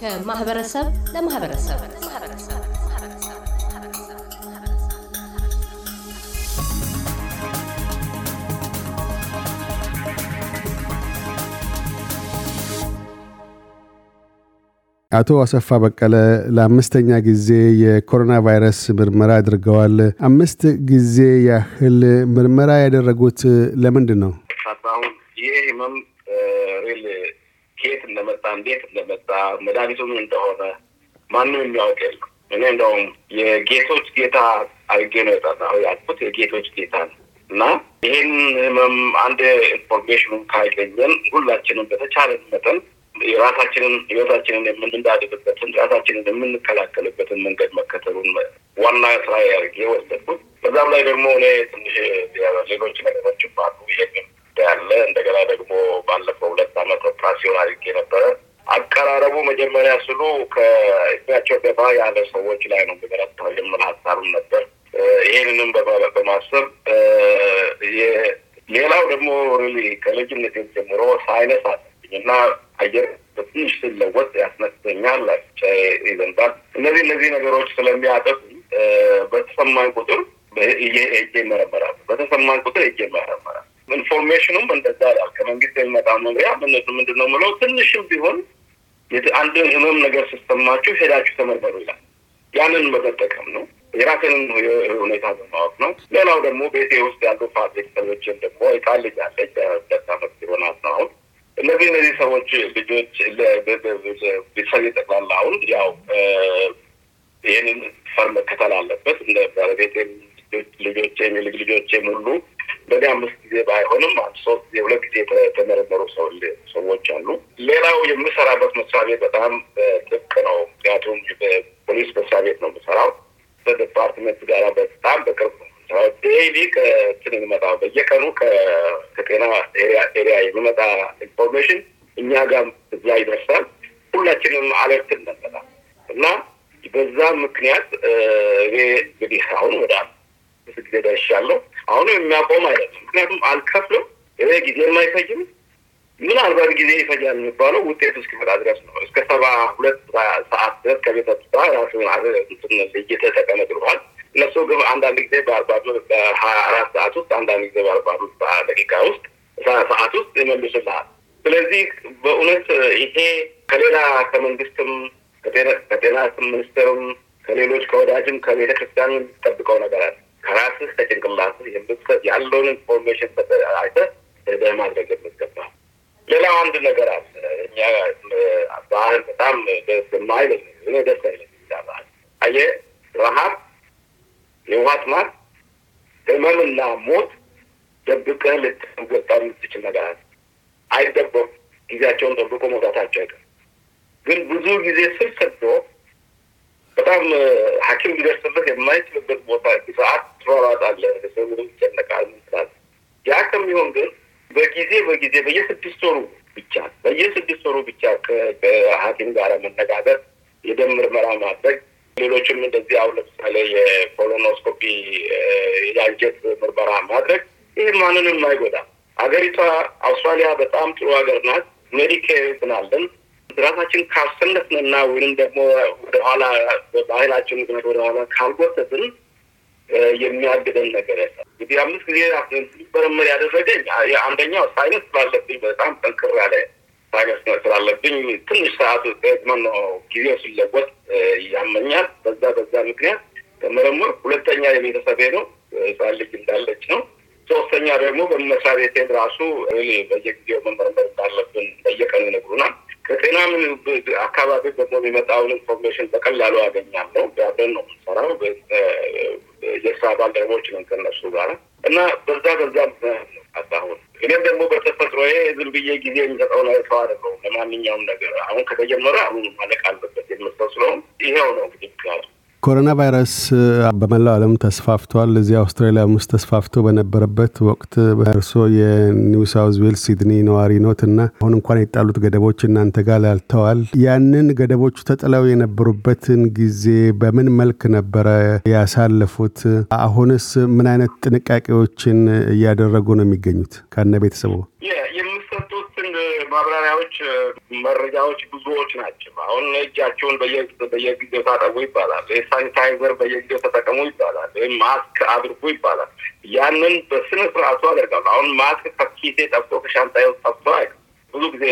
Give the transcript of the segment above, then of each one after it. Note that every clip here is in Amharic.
ከማህበረሰብ ለማህበረሰብ አቶ አሰፋ በቀለ ለአምስተኛ ጊዜ የኮሮና ቫይረስ ምርመራ አድርገዋል። አምስት ጊዜ ያህል ምርመራ ያደረጉት ለምንድን ነው? ህመም ሪል ከየት እንደመጣ እንዴት እንደመጣ እንደሆነ ማንም የሚያውቅ የለም። እኔ እንደውም የጌቶች ጌታ አድርጌ ነው የጠራሁ ያልኩት የጌቶች ጌታ ነው እና ይህን ህመም አንድ ኢንፎርሜሽኑ ካገኘን ሁላችንም በተቻለ መጠን የራሳችንን ህይወታችንን የምንዳድግበትን ራሳችንን የምንከላከልበትን መንገድ መከተሉን ዋና ስራ ያርጌ ወሰድኩት። በዛም ላይ ደግሞ እኔ ትንሽ ሌሎች ነገሮች ባሉ ይሄን ያለ እንደገና ደግሞ ባለፈው ሁለት አመት ኦፕራሲዮን አድርጌ ነበረ። አቀራረቡ መጀመሪያ ስሉ ከእድሜያቸው ገፋ ያለ ሰዎች ላይ ነው የሚገረታው የምል ሀሳብም ነበር። ይህንንም በማሰብ ሌላው ደግሞ ሪሊ ከልጅነት ጀምሮ ሳይነስ አለብኝ እና አየር በትንሽ ስለወጥ ያስነስተኛል፣ አፍንጫዬ ይዘንባል። እነዚህ እነዚህ ነገሮች ስለሚያጠቁ በተሰማኝ ቁጥር እጄ ይመረመራል። በተሰማኝ ቁጥር እጄ ይመረመራል። ኢንፎርሜሽኑም እንደዛ ላል ከመንግስት የሚመጣ መምሪያ ምንድን ነው ምለው ትንሽም ቢሆን አንድ ህመም ነገር ስሰማችሁ ሄዳችሁ ተመርመሩ ይላል። ያንን መጠቀም ነው። የራሴንም ሁኔታ በማወቅ ነው። ሌላው ደግሞ ቤቴ ውስጥ ያሉ ፋብሪክ ሰዎችን ደግሞ ቃልኛለች ሁለት አመት ሲሆናት አሁን እነዚህ እነዚህ ሰዎች ልጆች ቤተሰብ የጠቅላላ አሁን ያው ይህንን ፈር መከተል አለበት። እንደ ባለቤቴም ልጆቼም የልጅ ልጆቼም ሁሉ በዚህ አምስት ጊዜ ባይሆንም አንድ ሶስት ጊዜ ሁለት ጊዜ የተመረመሩ ሰዎች አሉ። ሌላው የምሰራበት መስሪያ ቤት በጣም ኤሪያ የሚመጣ ኢንፎርሜሽን እኛ ጋር እዛ ይደርሳል። ሁላችንም አለርት እንደመጣ እና በዛ ምክንያት እኔ እንግዲህ አሁን ወደ ብዙ ጊዜ ደርሻለሁ። አሁን የሚያቆም አይደለም፣ ምክንያቱም አልከፍልም፣ ጊዜም አይፈጅም። ምናልባት ጊዜ ይፈጃል የሚባለው ውጤቱ እስኪመጣ ድረስ ነው። እስከ ሰባ ሁለት ሰዓት ድረስ ከቤተ ስራ ራሱን እየተጠቀመ ብለዋል። እነሱ ግን አንዳንድ ጊዜ በአርባ በሀያ አራት ሰዓት ውስጥ አንዳንድ ጊዜ በአርባ አምስት ደቂቃ ውስጥ ሰዓት ውስጥ ይመልሱልሃል። ስለዚህ በእውነት ይሄ ከሌላ ከመንግስትም ከጤና ሚኒስቴርም ከሌሎች ከወዳጅም ከቤተ ክርስቲያን የምትጠብቀው ነገር አለ። ከራስህ ከጭንቅላትህ የምትሰጥ ያለውን ኢንፎርሜሽን አይተህ ወደ ማድረግ የምትገባ። ሌላው አንድ ነገር አለ። እኛ ባህል በጣም ደስ የማይለኝ እኔ ደስ አይለኝ ባህል አየ ረሀብ፣ የውሃ ጥማት፣ ህመምና ሞት ደብቀህ ልትወጣ የምትችል ነገር አለ። አይደበቁም። ጊዜያቸውን ጠብቆ መውጣታቸው አይቀርም። ግን ብዙ ጊዜ ስር ሰዶ በጣም ሐኪም ሊደርስበት የማይችልበት ቦታ ሰዓት ትሯሯጣለህ፣ ምንም ይጨነቃል። ያ ከሚሆን ግን በጊዜ በጊዜ በየስድስት ወሩ ብቻ በየስድስት ወሩ ብቻ ከሐኪም ጋር መነጋገር፣ የደም ምርመራ ማድረግ፣ ሌሎችም እንደዚህ አሁን ለምሳሌ የኮሎኖስኮፒ የአንጀት ምርመራ ማድረግ ይህ ማንንም አይጎዳም። ሀገሪቷ አውስትራሊያ በጣም ጥሩ ሀገር ናት። ሜዲኬር ብናለን ራሳችን ካልሰለትንና ወይም ደግሞ ወደኋላ በባህላችን ምክንያት ወደኋላ ካልጎተትን የሚያግደን ነገር ያለ እንግዲህ አምስት ጊዜ መረመር ያደረገኝ አንደኛው ሳይነስ ስላለብኝ በጣም ጠንክር ያለ ሳይነስ ስላለብኝ ትንሽ ሰዓት ነው ጊዜው ሲለወጥ ያመኛል። በዛ በዛ ምክንያት መረመር። ሁለተኛ የቤተሰቤ ነው፣ ህጻን ልጅ እንዳለች ነው ሶስተኛ ደግሞ በመሳ ቤቴን ራሱ በየጊዜው መመርመር እንዳለብን በየቀኑ ይነግሩናል። ከጤና አካባቢ ደግሞ የሚመጣውን ኢንፎርሜሽን በቀላሉ ያገኛለሁ። ያለን ነው የምንሰራው የስራ ባልደረቦች ነን ከነሱ ጋር እና በዛ በዛ አሁን እኔም ደግሞ በተፈጥሮዬ ዝም ብዬ ጊዜ የሚሰጠው ላይ ሰው አደለው ለማንኛውም ነገር አሁን ከተጀመረ አሁን ማለቅ አለበት የምሰስለውም ይሄው ነው እንግዲህ ምክንያቱ ኮሮና ቫይረስ በመላው ዓለም ተስፋፍቷል። እዚህ አውስትራሊያ ውስጥ ተስፋፍቶ በነበረበት ወቅት እርስዎ የኒው ሳውዝ ዌልስ ሲድኒ ነዋሪ ኖት እና አሁን እንኳን የጣሉት ገደቦች እናንተ ጋር ላልተዋል። ያንን ገደቦቹ ተጥለው የነበሩበትን ጊዜ በምን መልክ ነበረ ያሳለፉት? አሁንስ ምን አይነት ጥንቃቄዎችን እያደረጉ ነው የሚገኙት ከነ ቤተሰቡ? ማብራሪያዎች፣ መረጃዎች ብዙዎች ናቸው። አሁን እጃቸውን በየጊዜው ታጠቡ ይባላል። ሳኒታይዘር በየጊዜው ተጠቀሙ ይባላል። ወይም ማስክ አድርጉ ይባላል። ያንን በስነ ስርዓቱ አደርጋሉ። አሁን ማስክ ከኪሴ ጠብቶ ከሻንጣዬ ጠብቶ አይ ብዙ ጊዜ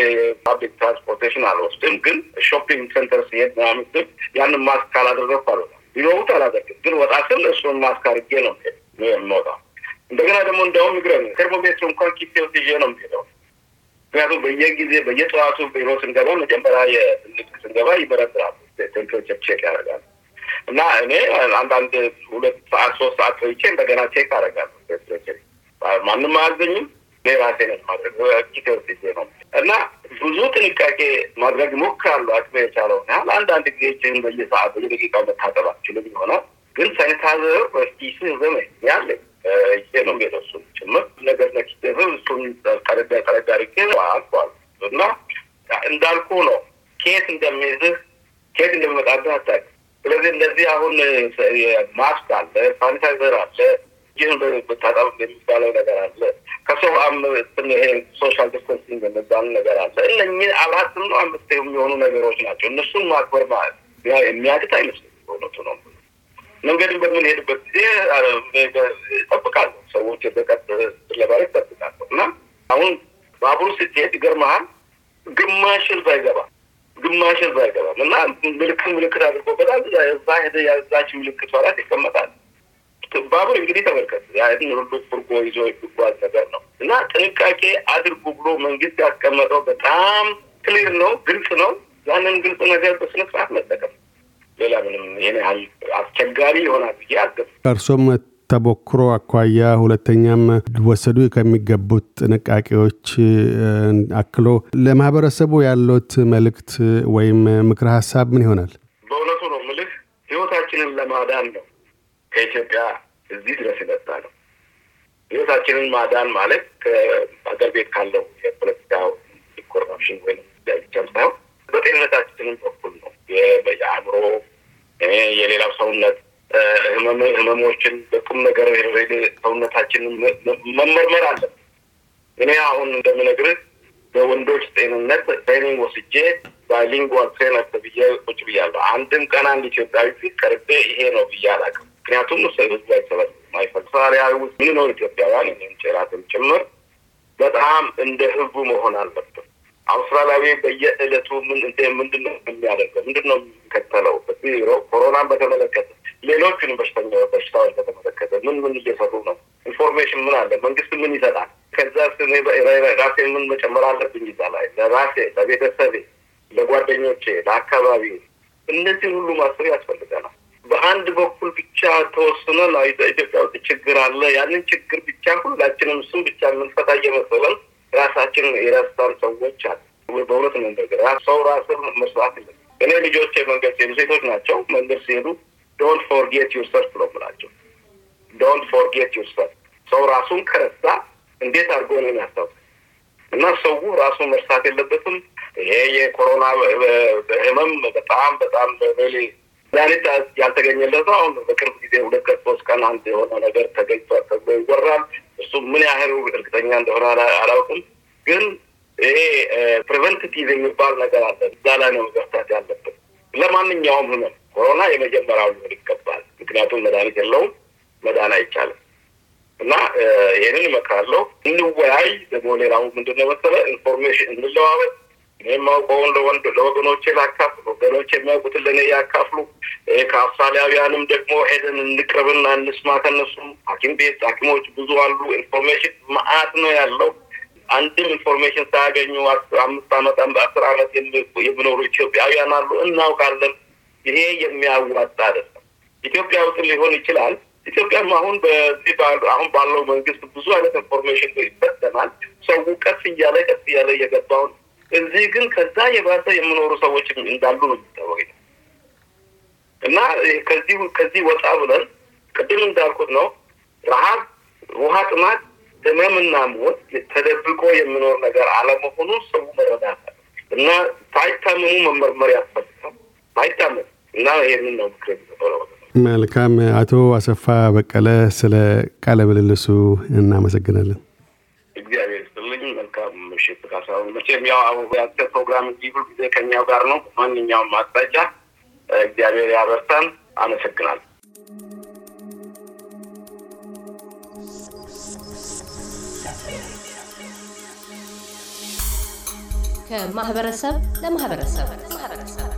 ፓብሊክ ትራንስፖርቴሽን አልወስድም፣ ግን ሾፒንግ ሴንተር ሲሄድ ምናምን ስል ያንን ማስክ ካላደረግኩ አለ ቢኖሩት አላደርግም፣ ግን ወጣ ስል እሱን ማስክ አድርጌ ነው የምወጣው። እንደገና ደግሞ እንደውም ይግረም ቴርሞሜትሩ እንኳን ኪቴው ውስጥ ነው የምሄደው ምክንያቱም በየጊዜ በየጠዋቱ ቢሮ ስንገባ መጀመሪያ የንግድ ስንገባ ይበረብራሉ ቴምፕሬቸር ቼክ ያደርጋሉ። እና እኔ አንዳንድ ሁለት ሰዓት ሶስት ሰዓት ቆይቼ እንደገና ቼክ አደርጋለሁ። ቴምፕሬቸር ማንም አያዘኝም፣ ራሴ ነኝ ማድረግ ኪቴወስዜ ነው። እና ብዙ ጥንቃቄ ማድረግ ሞክራሉ አቅሜ የቻለውን ያህል። አንዳንድ ጊዜ እጅህን በየሰዓት በየደቂቃው መታጠብ አትችልም ይሆናል፣ ግን ሳኒታዘር በኪስህ ዘመ ያለ ይሄ ነው ሜደሱ ጭምር ነገር ነኪ እሱን ጠረጋ ጠረጋ አድርጌ አልፏል እና እንዳልኩ ነው። ኬት እንደሚይዝህ ኬት እንደሚመጣብህ አታውቅም። ስለዚህ እንደዚህ አሁን ማስክ አለ፣ ሳኒታይዘር አለ፣ ይህን ብታጠብ የሚባለው ነገር አለ፣ ከሰው አም ይሄ ሶሻል ዲስተንሲንግ የሚባል ነገር አለ። እነኚህ አራት ነው አምስት የሚሆኑ ነገሮች ናቸው። እነሱን ማክበር ማለት የሚያግት አይመስለኝም በእውነቱ ነው። መንገድን በምንሄድበት ጊዜ ይጠብቃሉ ሰዎች በቀጥ ለባለ እጠብቃለሁ እና አሁን ባቡር ስትሄድ ይገርመሃል፣ ግማሽን ባይገባ ግማሽን ባይገባም እና ምልክት ምልክት አድርጎበታል። እዛ ሄደ ያዛች ምልክት ኋላት ይቀመጣል። ባቡር እንግዲህ ተመልከት፣ ያን ሁሉ ፍርጎ ይዞ የሚጓዝ ነገር ነው እና ጥንቃቄ አድርጉ ብሎ መንግስት ያስቀመጠው በጣም ክሊር ነው፣ ግልጽ ነው። ያንን ግልጽ ነገር በስነስርዓት መጠቀም ሌላ ምንም ይህን ያህል አስቸጋሪ ይሆናል ብዬ አገብ እርሶም ተሞክሮ አኳያ ሁለተኛም ሊወሰዱ ከሚገቡት ጥንቃቄዎች አክሎ ለማህበረሰቡ ያለት መልእክት ወይም ምክረ ሀሳብ ምን ይሆናል? በእውነቱ ነው ምልህ ህይወታችንን ለማዳን ነው ከኢትዮጵያ እዚህ ድረስ የመጣ ነው። ህይወታችንን ማዳን ማለት ከአገር ቤት ካለው የፖለቲካ ኢኮኖሚ ወይም ብቻም ሳይሆን በጤንነታችንን በኩል ነው የአእምሮ የሌላው ሰውነት ህመሞችን በቁም ነገር ሰውነታችንን መመርመር አለ እኔ አሁን እንደምነግርህ በወንዶች ጤንነት ትሬኒንግ ወስጄ ባይሊንጓል ትሬነር ተብዬ ቁጭ ብያለሁ። አንድም ቀን አንድ ኢትዮጵያዊ ፊት ቀርቤ ይሄ ነው ብዬ አላውቅም። ምክንያቱም ህዝብ አይሰበሰብም፣ አይፈልሳሪያዊ ውስጥ ምንኖር ኢትዮጵያውያን ጭራትም ጭምር በጣም እንደ ህዝቡ መሆን አለብን። አውስትራሊያዊ በየእለቱ ምን ምንድነው የሚያደርገው? ምንድነው የሚከተለው? ሮ ኮሮናን በተመለከተ ሌሎቹንም በሽተኛ በሽታዎች በተመለከተ ምን ምን እየሰሩ ነው? ኢንፎርሜሽን ምን አለ? መንግስት ምን ይሰጣል? ከዛ ራሴ ምን መጨመር አለብኝ እዛ ለራሴ፣ ለቤተሰቤ፣ ለጓደኞቼ፣ ለአካባቢ እነዚህን ሁሉ ማሰብ ያስፈልገናል። በአንድ በኩል ብቻ ተወስነን ኢትዮጵያ ውስጥ ችግር አለ ያንን ችግር ብቻ ሁላችንም እሱም ብቻ የምንፈታ እየመሰለን ራሳችን የራሳን ሰዎች አሉ። በእውነት ነው ነገር ሰው ራስን መስራት ይለ እኔ ልጆች መንገድ ሲሄዱ ሴቶች ናቸው። መንገድ ሲሄዱ ዶንት ፎርጌት ዩርሰልፍ ነው ብላቸው። ዶንት ፎርጌት ዩርሰልፍ ሰው ራሱን ከረሳ እንዴት አድርጎ ነው የሚያስታውስ? እና ሰው ራሱን መርሳት የለበትም። ይሄ የኮሮና ህመም በጣም በጣም በሌ መድኃኒት ያልተገኘለት ነው። አሁን በቅርብ ጊዜ ሁለት ቀን ሶስት ቀን አንድ የሆነ ነገር ተገኝቷል ተብሎ ይወራል። እሱ ምን ያህል እርግጠኛ እንደሆነ አላውቅም፣ ግን ይሄ ፕሪቨንቲቲቭ የሚባል ነገር አለ። እዛ ላይ ነው መገፍታት ያለብን። ለማንኛውም ህመም ኮሮና የመጀመሪያው ሊሆን ይገባል። ምክንያቱም መድኃኒት የለውም፣ መዳን አይቻልም። እና ይህንን እመክራለሁ። እንወያይ። ደግሞ ሌላው ምንድን ነው መሰለህ ኢንፎርሜሽን እንለዋወጥ እኔ የማውቀውን ለወንድ ለወገኖቼ ላካፍሉ፣ ወገኖች የሚያውቁትን ለእኔ ያካፍሉ። ከአፍሳሊያውያንም ደግሞ ሄደን እንቅርብና እንስማ። ከነሱም ሐኪም ቤት ሐኪሞች ብዙ አሉ። ኢንፎርሜሽን ማአት ነው ያለው። አንድም ኢንፎርሜሽን ሳያገኙ አምስት አመት አስር ዓመት የሚኖሩ ኢትዮጵያውያን አሉ። እናውቃለን። ይሄ የሚያዋጣ አይደለም። ኢትዮጵያ ውስጥ ሊሆን ይችላል። ኢትዮጵያም አሁን በዚህ አሁን ባለው መንግስት ብዙ አይነት ኢንፎርሜሽን ይፈተናል። ሰው ቀስ እያለ ቀስ እያለ እየገባውን እዚህ ግን ከዛ የባሰ የሚኖሩ ሰዎች እንዳሉ ነው የሚታወቅ እና ከዚህ ከዚህ ወጣ ብለን ቅድም እንዳልኩት ነው ረሀብ፣ ውሃ ጥማት፣ ህመምና ሞት ተደብቆ የሚኖር ነገር አለመሆኑ ሰው መረዳት እና ሳይታመሙ መመርመር ያስፈልጋል። ሳይታመሙ እና ይህንን ነው ምክር መልካም። አቶ አሰፋ በቀለ ስለ ቃለ ምልልሱ እናመሰግናለን። ሊደርሽፕ መቼም ያው ያንተ ፕሮግራም እዚህ ከኛው ጋር ነው። ማንኛውም አቅጣጫ እግዚአብሔር ያበርታል። አመሰግናለሁ። ከማህበረሰብ ለማህበረሰብ